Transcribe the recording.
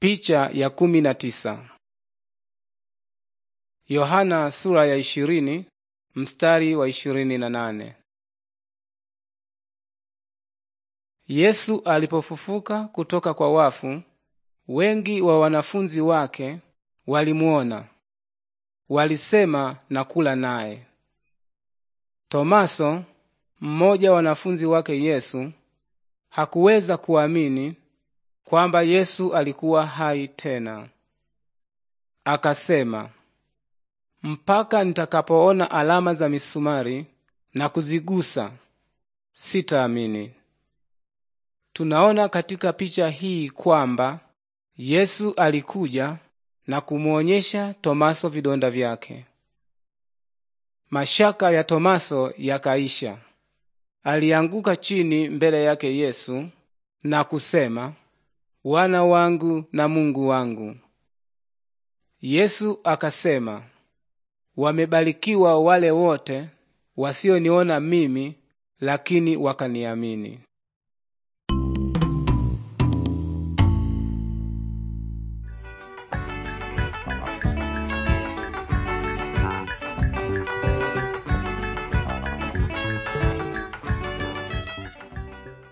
Picha ya kumi na tisa. Yohana sura ya ishirini mstari wa ishirini na nane. Yesu alipofufuka kutoka kwa wafu, wengi wa wanafunzi wake walimuona, walisema na kula naye. Tomaso, mmoja wa wanafunzi wake Yesu, hakuweza kuamini kwamba Yesu alikuwa hai tena. Akasema, mpaka nitakapoona alama za misumari na kuzigusa sitaamini. Tunaona katika picha hii kwamba Yesu alikuja na kumwonyesha Tomaso vidonda vyake. Mashaka ya Tomaso yakaisha. Alianguka chini mbele yake Yesu na kusema, wana wangu na Mungu wangu. Yesu akasema, wamebarikiwa wale wote wasioniona mimi lakini wakaniamini.